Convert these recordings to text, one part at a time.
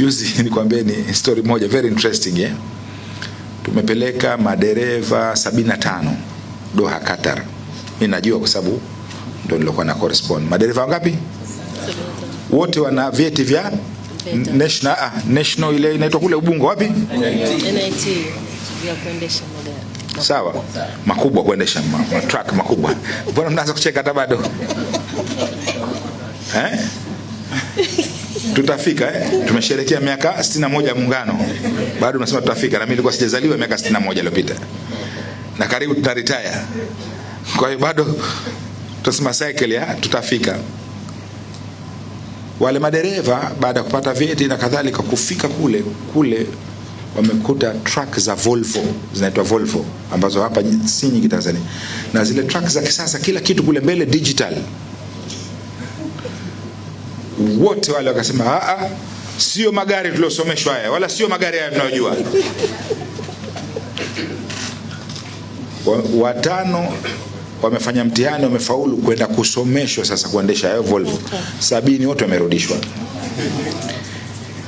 Juzi nikwambie ni story moja very interesting eh? Tumepeleka madereva 75 Doha Qatar. Mimi najua kwa sababu ndio nilikuwa na correspond. Madereva wangapi? Wote wana vyeti vya national ah, national ile inaitwa kule Ubungo wapi? NIT vya kuendesha magari. Sawa. Makubwa kuendesha ma, ma truck makubwa. Mbona mnaanza kucheka hata bado? Eh? tutafika eh? Tumesherehekea miaka 61 ya muungano, bado unasema tutafika, na mimi nilikuwa sijazaliwa miaka 61 iliyopita, na karibu tutaretire. Kwa hiyo bado tutasema cycle ya tutafika. Wale madereva baada ya kupata vyeti na kadhalika, kufika kule kule wamekuta truck za Volvo zinaitwa Volvo ambazo hapa si nyingi Tanzania, na zile truck za kisasa, kila kitu kule mbele digital wote wale wakasema a, ah, ah, sio magari tuliosomeshwa haya, wala sio magari haya tunayojua. Watano wamefanya mtihani, wamefaulu kwenda kusomeshwa sasa kuendesha hayo Volvo. Sabini wote wamerudishwa.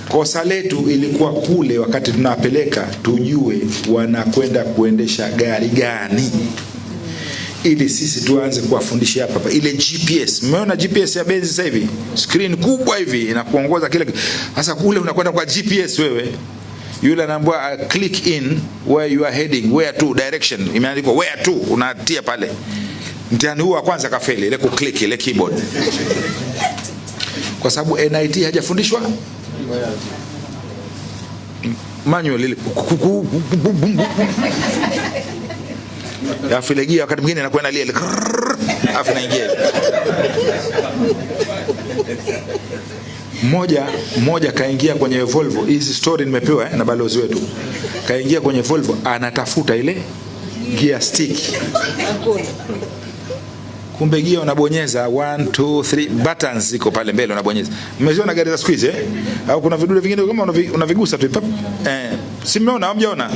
Kosa letu ilikuwa kule, wakati tunawapeleka tujue wanakwenda kuendesha gari gani ili sisi tuanze kuwafundisha hapa hapa. Ile GPS, mmeona GPS ya Benzi sasa hivi, screen kubwa hivi inakuongoza kile. sasa. Kule unakwenda kwa GPS wewe, yule anaambiwa uh, click in where you are heading, where to direction, imeandikwa where to, unatia pale. Mtihani huu wa kwanza kafeli ile ku click ile keyboard, kwa sababu NIT hajafundishwa manual ile Alafu ile gia wakati mwingine inakuwa inalia ile alafu naingia Mmoja mmoja kaingia kwenye Volvo, hizi story nimepewa eh, na balozi wetu. Kaingia kwenye Volvo anatafuta ile gear stick. Kumbe gia unabonyeza 1 2 3 buttons ziko pale mbele unabonyeza. Mmeziona gari za siku hizi eh? Au kuna vidole vingine kama unavigusa tu Eh, si mmeona au mjaona?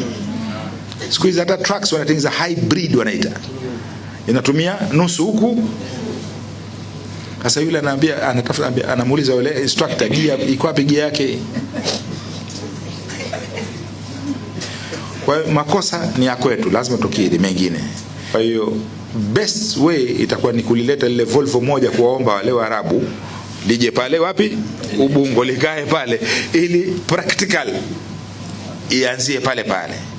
Siku hizi hata trucks wanatengeneza hybrid wanaita, inatumia nusu huku. Sasa yule anaambia, anatafuta, anamuuliza yule instructor, gia iko wapi? Gia yake. Kwa hiyo makosa ni ya kwetu, lazima tukiri mengine. Kwa hiyo best way itakuwa ni kulileta lile Volvo moja, kuwaomba wale Waarabu lije pale wapi, Ubungo, likae pale ili practical ianzie pale pale.